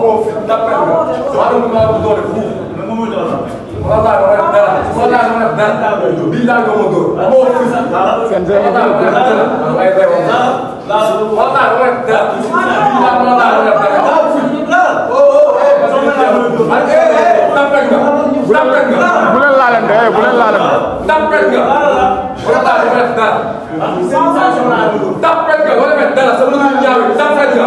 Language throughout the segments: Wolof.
moo fi dàppale ko. waaw man maa ko doole fuuf. mënul dara la. wallaahi ma def dara. wallaahi ma def dara. bii daa doon ma dóor. moo fi. seen seen wallaahi ma def dara. wallaahi ma def dara. wallaahi ma def dara. bii daa doon wallaahi ma def dara. tàmpet nga. tàmpet nga. bu leen laalante bu leen laalante. tàmpet nga. wallaahi ma def dara. tàmpet nga wala ma def dara sa mënul ñaaw tàmpet nga.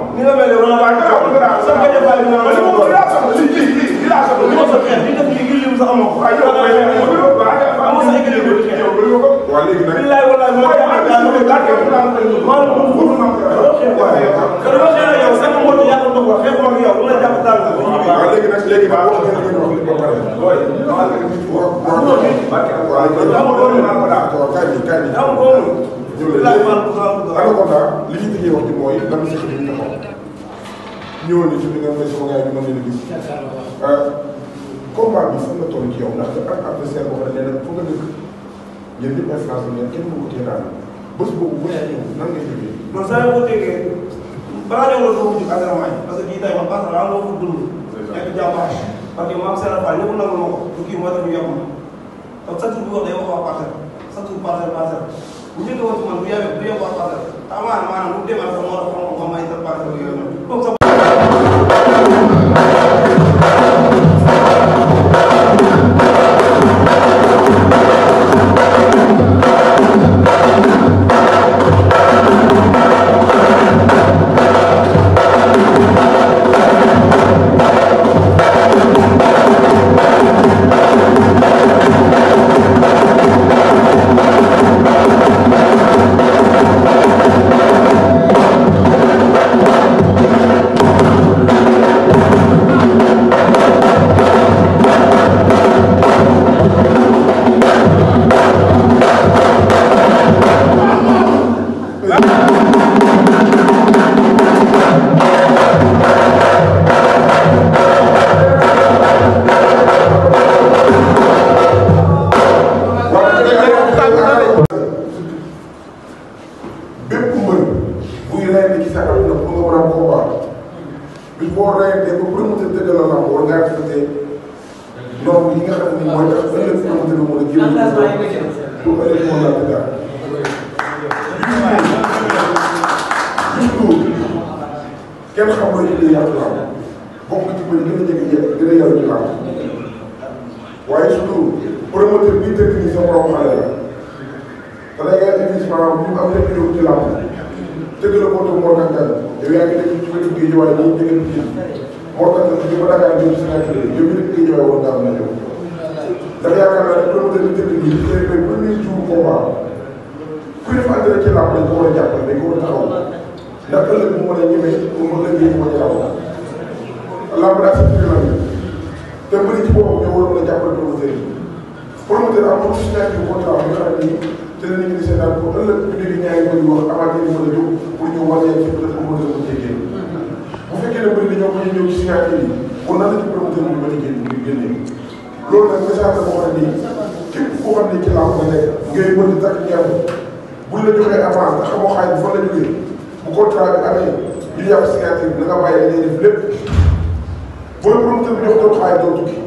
ni nga mel ne wala waa ñu ko sa gëj a bàyyi ñu naan ko laa soxla si kii kii kii laa soxla. ñu soxla xeex bi nga kii lii sax amoo ko. waaw yow kay yow kay yow kay amoo sa gëj a bëri xeex. waaw léegi nag. billaay wallaay mooy yaakaar naa ne daa koy daa koy maa ngi ko bëgg naa ko. waaw xeex waaw xeex waaw. te loolu xeex yow sax moo ci yàlla dogal xeex moom yow bu la jàpp daal ko. waaw léegi nag léegi ba wax nga ñu wax li ko pare. waaw waaw waaw waaw waaw waaw ñëwoon na ci li nga xam ne sama gars yi ñu mën leen a gis. combat bi fan la toll ci yow ndax ak adversaire boo xam ne nee na fa nga dëkk yéen ñëpp instance bi kenn mënu ko téye daal bés boobu bu dee ñëw nan ngay jógee. non saa yoo ko déggee balaa ñëw la foofu jóg entraînement parce que kii tey man parce que laa loo ko dund. nekk jàmbaar parce que maam Serap Fall ñëpp nangu na ko du kii moo tax ñu yokk ma kon bu wax day wax waa parcelle surtout parcelle parcelle bu njëkk a wax man bu yàggee bu yàggee waa parcelle amaana maanaam bu demee sax moo tax xam nga may sa parcelle yooyu noonu nekk ci sa àdduna pour nga mën a combat bis boo rayantee ba promoteur dëgg la làmb war ngaa respecté norme yi nga xam ne mooy tax ëllëg promoteur bi mën a jëriñ pour ëllëg mën laa dëgg surtout kenn xam nga li ñu yàq làmb bokk ci ba gën a jege jege gën a yàlla ci làmb waaye surtout promoteur bi dëkk ni sa borom xale la da ngay indi maanaam bu am lépp ci làmb dëgg la Porto Mor Kankan yow yaa ngi nekk ci wetu Guédiawaye ñoom dëgg nañu ci Mor Kankan bi ba Dakar ñëw si nekk yow ñu nekk Guédiawaye woon daaw na yow. dafa yaakaar naa ne promoteur bi tëdd bii day bay premier jour combat kuy def entrée ci làmb dañ ko war a jàppale dañ ko war a taxaw ndax ëllëg mu mën a ñemee mu mën a ñëw moo jaraw làmb daa sa fi làmb te bëri ci boppam ñoo war a mën a jàppale promoteur yi promoteur amul signature contrat bi nga xam dinañu gis ne daal pour ëllëg ñu dégg ñaari mbir wax avant ñu mën a jóg pour ñu war leen ci peut être mën a cee génn. bu fekkee ne bëri na ñoom ñu ñëw ci signature yi pour nan la ci promoteur bi mën a génn ngir génnee loolu nag message la boo xam ne képp koo xam ne ci làmb nga nekk ngay mën di takk jàmm buñ la joxee avance nga xamoo xaalis fan la jógee bu contrat bi amee ñu yàq signature bi da nga bàyyi dañuy def lépp booy promoteur bi jox doon xaalis doo tukki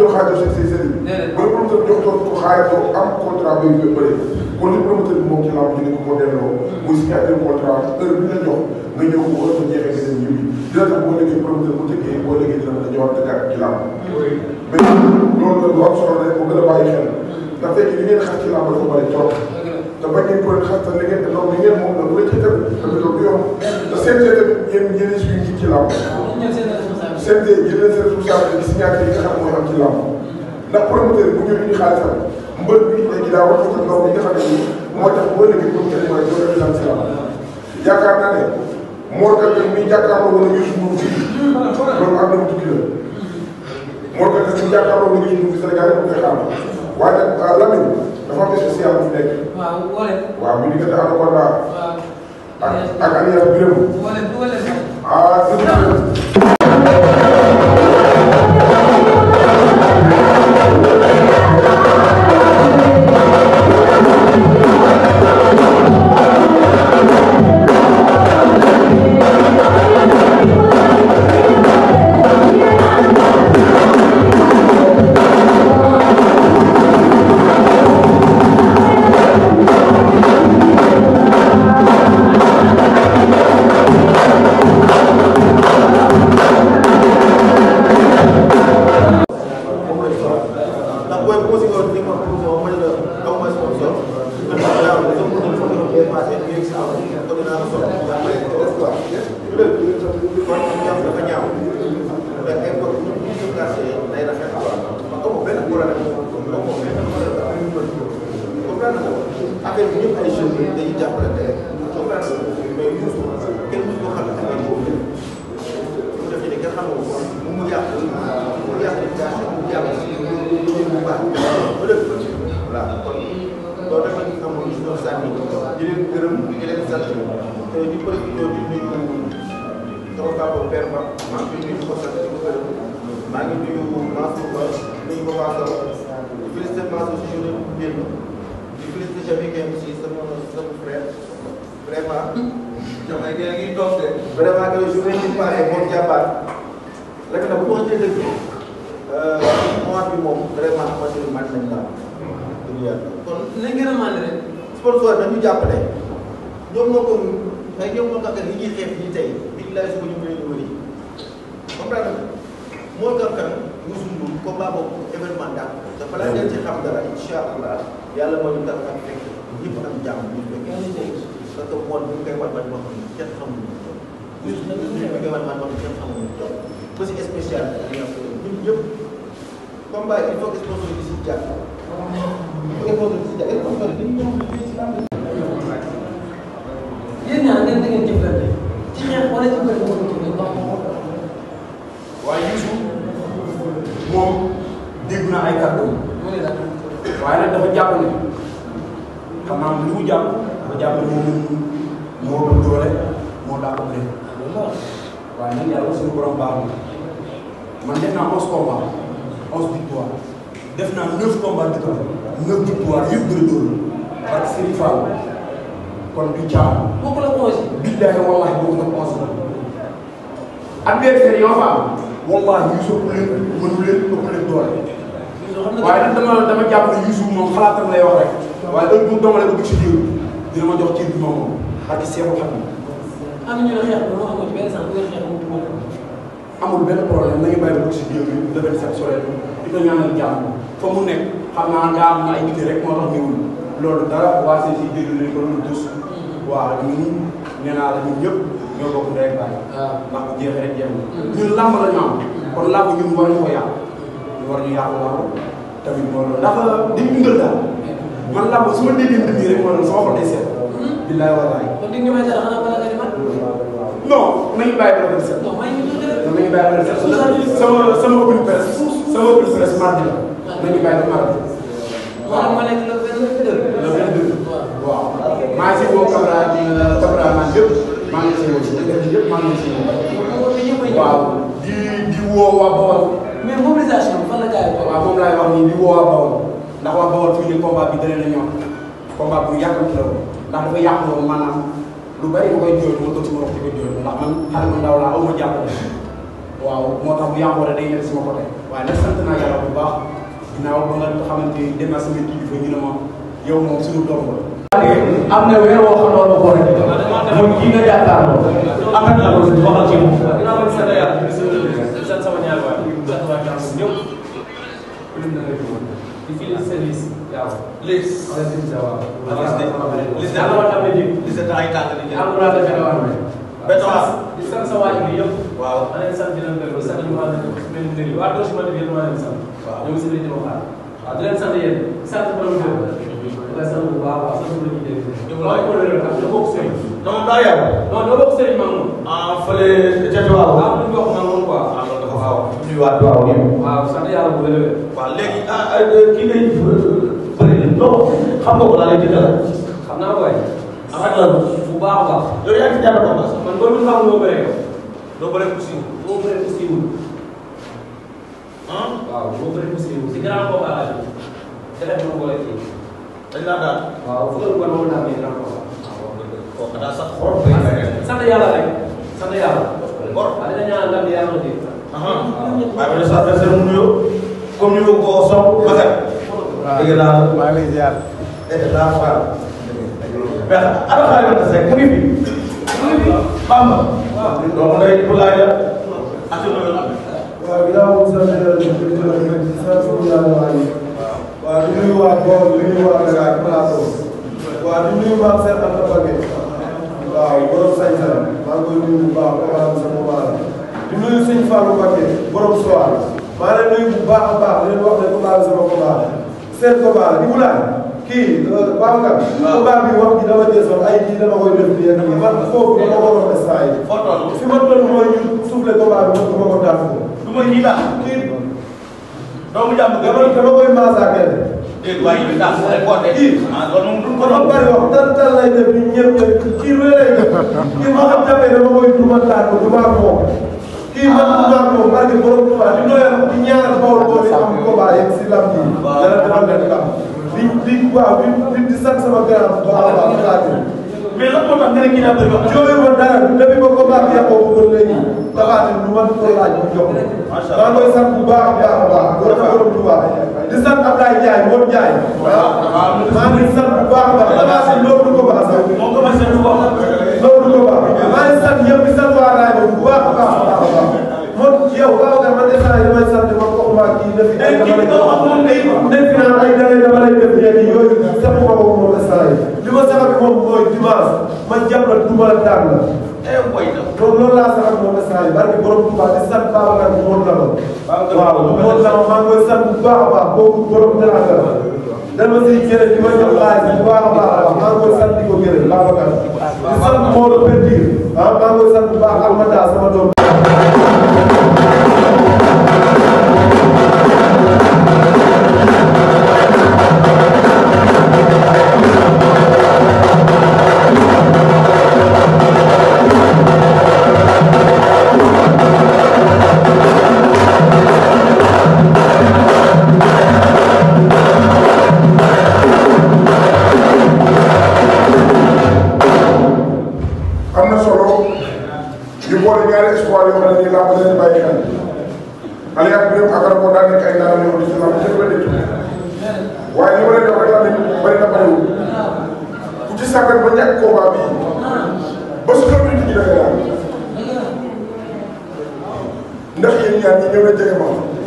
jox xaalis def seen seen sëriñ. ba promoteur jox ko xaalis am contrat bay bi bëri. kon li bi moom ci làmb ji ni ko moo delloo. muy signé bi la jox nga ñëw ko heure ba jeexee seen ñibbi dina tax boo déggee promoteur bu tëggee boo déggee dina mën a ñëwaat dëkkaat mu gën a bàyyi xel. bañ ngeen ko xasal li ngeen loolu li ngeen moom la bu la ci tegu parce que loolu yow te CNG tamit yéen yéen suñu njiit ci làmb CNG yéen seen responsabilité si ñaar yi nga xam mooy am ci làmb ndax promoteur bu ñu ñu xaalisam mbër bi léegi daa wax ci loolu nga xam ne moo tax boo léegi pour ngeen mooy doo leen am si làmb yaakaar naa ne moo tax muy jàkkaarloo wala ñu suñu fii loolu am na tukki la moo tax ñu jàkkaarloo wala ñu suñu Sénégal yi koy xam waaye nag Lamine dafa am spécial bu fi nekk. mu diggante am ko daal. waaw. ak ak Aliou Birame. wóole wóole. Ah, voilà kon loolu dafa ñu amoon ñu doon sànni di leen gërëm di leen sant te di profité di nuyu sama papa père ba maa ngi nuyu ko sant di ko gërëm maa ngi nuyu Mansour Ba nuyu ko waa Sow di félicité Mansour si journée bu démb di félicité Jamie Kemp si sama sama frère vraiment damay gën a ngi toog de vraiment que journée bi pare moom jàmbaar léegi nag bu ko jëlee mois bi moom vraiment ma si mën nañ laa dëgg yàlla kon nañ gën a màndi rek sponsor dañu jàppale ñoom moo ko ay ñoom moo kankan yi ñuy xeex ñi tey biñ lay suba ñu ngi leen wëri comprendre moo kankan Youssou Ndour combat boobu événement dàq dafa laa ngeen ci xam dara insha allah yàlla moo ñu tax ak fekk ñëpp am jàmm ñu fekk parce que moon bu ñu koy wan man moo xam ne kenn xamul Youssou Ndour ñu koy wan man moo xam ne kenn xamul parce que spécial ñun ñëpp combat il faut que sponsor bi si jàpp yéen ñaa ngeen da ngeen jëflante ci xeex wala ci bëri moo ci ngeen wax moom. waaye Youssou moom dégg naa ay kàddu waaye nag dafa jàpp ne xam naa lu mu jàpp dafa jàpp ne moom moo doon doole moo daa ko bëri waaye nag yàlla suñu borom baax na man def naa onze combats onze victoires def naa neuf combats victoires nëb bu tuwaat yëpp bëri loolu parce que Serigne Fall kon du caaxaan. bokk na 11. billahi wallahi bokk na 11 la. adversaire yoo fa am. wallahi Youssou ëpp leen mënu leen ëpp leen doole. waaye nag dama dama jàpp ne Youssou moom xalaatam lay wax rek. waaye heure bu doomalee ba dugg si jiw dina ma jox ci bi moom parce que seebu xam ne. am nañu la xeex ba amul benn sens bu xeex amul benn problème nañu bàyyi ba dugg si jiw bi bu defee seen soleil bi di ko ñaanal jàmm fa mu nekk. xam naa daa am ay nit rek moo tax ñëwul loolu si biir lañ ko doon dus waaw ñun nee naa la ñun ñëpp ñoo bokk ndey baay ndax bu jeexee rek jeex na ñun làmb la war ñu ko yàq ñu war ñu yàq làmb tamit moo loolu ndax dañ dundal daal man làmb su ma déggee rek moo doon sama hmm? di nga may dara xanaa bala nga di man non nañu bàyyi ba dem seet non nañu bàyyi ba nañu bàyyi ba màgg. waaw ma nekk le vingt deux. le vingt deux waaw. maa ngi si woo caméra bi caméra man yëpp maa ngi si woo si dëkk bi yëpp maa ngi si woo. waaw di di woo waa Bawol. mais mobilisation bi fan la gars yi ko. waaw moom laay wax nii di woo waa Bawol ndax waa Bawol fii nii combat bi dana la ñor combat bu yàqante la woon ndax dafa yàqaloo maanaam lu bari nga koy jooytu ma dootu ma wax di ko jooytu ndax man xale bu ndaw laa aw ma jàppale waaw moo tax bu yàqoo rek day ñëw si ma côté waaye nag sant naa yàlla bu baax. ginnaaw ba nga xamante ni démarche bi kilifa ñu ne ma yow moom suñu doom la. am na weer woo xam loolu boole mooy kii nga yaakaar loolu am na ko waxal ci moom. sama ñaar waay ñëpp ci les services daaw les services daaw les daaw la tamé di les états ay tànk di am na la daaw amé betax di sant sa waaj bi yëpp waaw ana sant dina ngeen ko sant ñu ma la ko mel ni wa do ci ma di yéen wa leen sant waaw ñoom Serigne Diop Fall waaw di leen sant yéen sant promoteur bi la sant bu baax waaw sant bu la ñuy dégg. ñoom waaye ko leeral ak dama bokk Serigne. non daa yàgg. non dama bokk Serigne Mamoun. ah fële ca Tiwaaw. waaw lu ñu wax Mamoun quoi. ah loolu dafa waaw. nuyuwaat waaw ñëw. waaw sant yàlla bu wér-wér. waaw léegi ah kii ngay bëri na non xam nga ko laa lay jëndal. xam naa ko waay. am na bu baax a baax. yow yaa ngi ci jàpp man loolu xam nga doo bëree. doo bëree aussi. waaw boo bëri mos ngeen. si grand combat la ñu. jërëjëf ma boole fii. dañ laa daal. waaw bu loolu war naa amee grand combat. waaw kooku daa sax xor. sant yàlla rek. sant yàlla. xor waaye dañu naan lan yàlla dégg. waaye ba sa adversaire mu nuyoo comme ni ma ko soxla ba tey. waaw dëgg laa maa ngi lay ziar. dëgg laa faal. mais ala maa ngi lay mu ngi fi. mu ngi fi Bamba. waaw loolu day bu laaj la. waaw ginnaaw bi sant yàlla di sant yàlla di sant yàlla waaw di nuyu waa Mbow di nuyu waa Dakar plateau waaw di nuyu waa Seydou Anta Mbacké waaw borom sañ-sañ maa ngi koy nuyu bu baax programme sama baax di nuyu Sëñ Fallou Mbacké borom soir maa ngi nuyu bu baax a baax di leen wax ne combat sama combat seen combat di wulaay kii Babacar. waaw combat bi wax ji dama jël ay ji dama koy def di yéen man foofu dama ko war a fi ma toll mooy ñu soufflé combat bi ma ko daan ko du ma ñuy tax doomu jàmm dama dama koy massacrer. dégg waaye bi tax rek ko de. ah loolu moom du ko doon bari wax tan tan lay def ñun ñëpp ñëpp kii lu lay def kii ma xam jafe dama koy duma taal ko duma ko. kii man duma ko parce que borom duma di doyal di ñaanal bool bool yi am ko bàyyi si lam bi. waaw dara defal leen kam. di di waaw di di sant sama grand bu baax a baax mais lan moo tax nga ne kii daa bëri wax. jooyu ma dara depuis ba ko baax yàqoo ko ba léegi. taxaane lu mën koo laaj mu jox macha allah koy sant bu baax a baax a baax loolu borom Touba di sant Ablaye Ndiaye moom Ndiaye ah, maa ngi sant bu baax a baax damaa si loolu du ko baax sax loolu du ko baax maa ngi sant ñëpp di sant waa rajo bu baax a baax a baax a baax moom yow waaw nga man des naa damay sant man kooku maa kii def ay nekk naa ay dara dama lay def ñenn yooyu sama bopp moom la saa yi li ma sax moom mooy dimanche ma jàpp la duma la daan la beneen boy la. loolu loolu laa sax moom instant yii barke borom Touba di sant Baba Ngar bu Mor Lama. waaw bu Mor Lama maa ngi koy sant bu baax a baax boobu borom teraanga la. dama siy gërëm di ma jox laaj bu baax a baax maa ngi koy sant di ko gërëm Baba Ngar. di sant Mor Pendir ah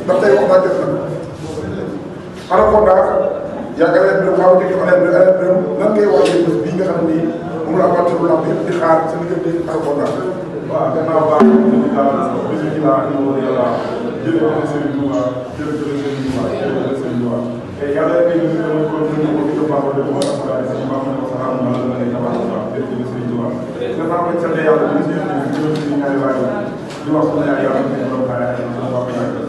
ndax tey wax naa jot na anaconda yàgg alal bi waaw dëgg alal bi alal bi lan ngay wax ci bés bii nga xam ni moom la amatul lamb yëpp di xaar sa diggante anaconda. waaw gannaaw baax na ñu daal bés yi laa ñu war yàlla jërëjëf Serigne Touba jërëjëf Serigne Touba jërëjëf Serigne Touba te yàlla ngay ñu ko ko ñu ko ci baax de ko sa baax ci baax na ko sa xam na la lay tabax ba jërëjëf Serigne Touba gannaaw bañ sant yàlla bi ñu ñu ñu ñaari waay di wax sama yàlla yàlla ñu ko baax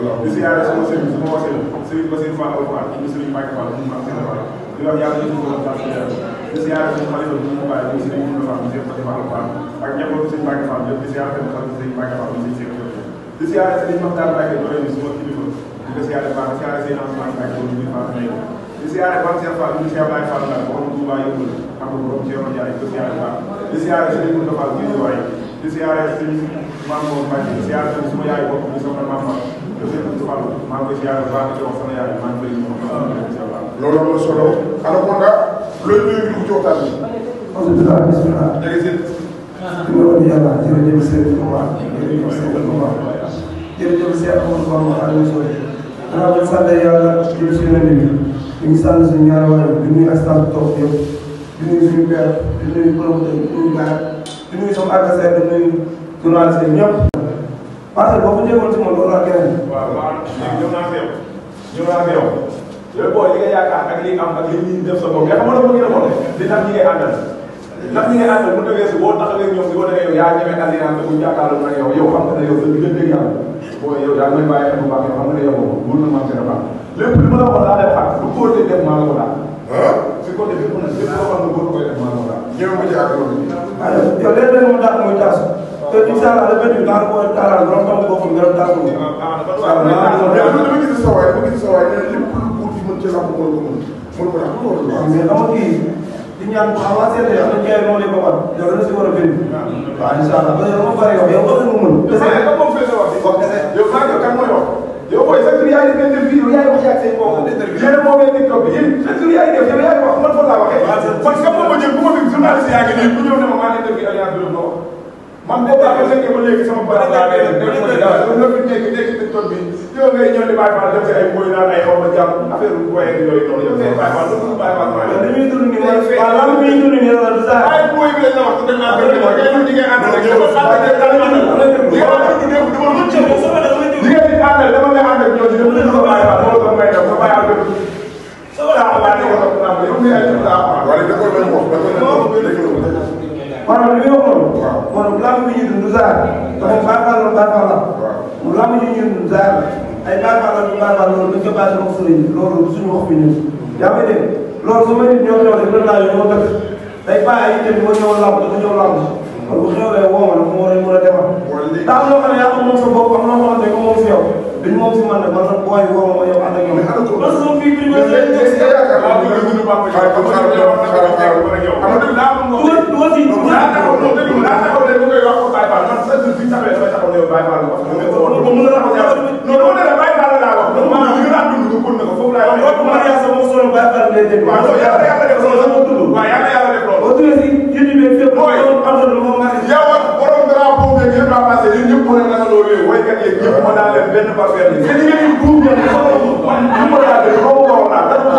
di ziare sama sëriñ sama wasila sëriñ Bassirou Fall Alfar ñu sëriñ Mbacke Fall mu am seen wala di wax yàlla ñu ko tax ci yàlla di ziare sama xalifa bu mu bàyyi di sëriñ Mbacke Fall sëriñ Mbacke Fall Alfar ak njabootu sëriñ Mbacke Fall yëpp di ziare sama xalifa sëriñ Mbacke Fall sëriñ Cheikh Diop di ziare sëriñ Mokhtar Mbacke Doré ni sama kilifa di ko ziare baax ziare sëriñ Ousmane Mbacke bu ñu fa ñëw di ziare Bam Cheikh Fall ñu Cheikh Abdoulaye Fall Ndar borom Touba yëppul am na borom Cheikh Ndiaye di ziare baax di ziare sëriñ Moustapha Fall di ziare sëriñ Mamour Mbacke di ziare sama yaay bopp bi sama maam te Serigne Touba maa ngi koy ziar bu baax di ci wax sama yaay maa ngi koy incha allah. loolu am na solo. alors kon nag loolu ñuy dugg ci waxtaan bi. alhamdulilah bisimilah. jërëjëf. di nga wax yàlla jërëjëf Serigne Touba jërëjëf Serigne Touba jërëjëf Serigne Touba ma Aliou Sow. xanaa ba sant yàlla jëm si yeneen yi ñu ngi sant suñu ñaari waay di nuyu askan bi toog yëpp di nuyu suñu père di nuyu promoteur di nuyu gars di nuyu sama adversaire di nuyu journaliste ñëpp parce que boo ko jéemoon ci moom loolu ak keneen. waaw ñëw naa fi yow. ñëw naa fi yow. yooyu boo li nga yaakaar ak li am ak li ñuy def sa bopp nga xamal ko gën a boole di tax ñi ngay àndal. ndax ñi ngay àndal bu ñu defee si boo taxawee ñoom si boo defee yow yaa ñeme alliance te bu jàkkaarloo ak yow yow xam nga ne yow sa diggante yàlla boo yow yaa may bàyyi xel bu baax yow xam nga ne yow moom mën na maa seen baax lépp li ma la wax daal ak lu ko dee def maa la ko daal. si côté bi mu ne lépp loo xam ne boo koy def maa la ko daal. ñëw ma ci ak loolu. yow léeg-léeg mu daal mooy taasu te incha allah dafa ñu naan ko taaraal borom taw boppam borom taw bi. waaw dama gis sa waay ma gis sa waay lépp lu wut mën ci làmb mën ko mën ko dàq ko wala. waaw mais dama kii di ñaan bu avancé te yow dañu koy noole ba war yow dana si war a bind. waaw incha allah parce que dama pare yow yow bëgg nga mën. parce que yow moom fee sa wax. wax dëgg yow maa ngi kan mooy wax. yow booy sa tur yaay def interview yow yaay wax ak say mbokk. yéen a moomee TikTok bi yéen sa tur yaay def yow yaay wax man fa laa waxee. parce que moom ma jël bu ma fi journaliste yaa ngi nii bu ñëw ne ma maa ngi interview alliance bi man boobu laa koy fekkee ba léegi sama bopp laa koy def def ko di dara loolu la fi nekk nekk ci tool bi yow ngay ñëw di bàyyi faal def si ay mbooy naan ay xaw ma jàpp affaire bu booyee ak yooyu noonu yow ngay bàyyi faal loolu bàyyi faal waaye yow dañuy dund nii wala waaw lan muy dund nii wala du saa ay mbooy bi la ñu wax dañ naa bëgg wax ngay dund di ngay ànd ak yow Wala li nga wax da ko wax. Maanaam li nga maanaam làmb bi ñu dund zaar waaye baaxal la baaxal la làmb yi ñu dund zaar ay baaxal la baaxal loolu dañ ko baaxee wax sëriñ loolu suñu wax bi ñun yaa ngi dégg loolu su ma nit ñoo ñëw rek mën naa ñoo dëkk day bàyyi itam ba ñëw làmb dafa ñëw làmb kon bu xewlee woo ma dafa war a mën a defar taam loo xam ne yaa ko moom sa bopp am na loo xam ne ko moom si yow duñ moom si man nag man nag booy woo ma yow ànd ak yow parce que fii duñ ma Baye Fall wax. non non la Baye Fall laa wax. non non ñu naan dund ko na ko foofu laa wax. waaw man yaa sama solo Baye Fall lay dégg. waaw yàlla yàlla def loolu sama dund. waaw yàlla yàlla def loolu. boo tuddee si yéen ñi béy fépp. mooy yow ak borom drapeau beeg yéen waa passé yéen ñëpp mën a nasaloo yooyu woykat yi ñëpp mën naa leen benn par benn. te ni ngeen di duub yéen xaw ma ko man li ma daa dégg xaw ma ko wax naa.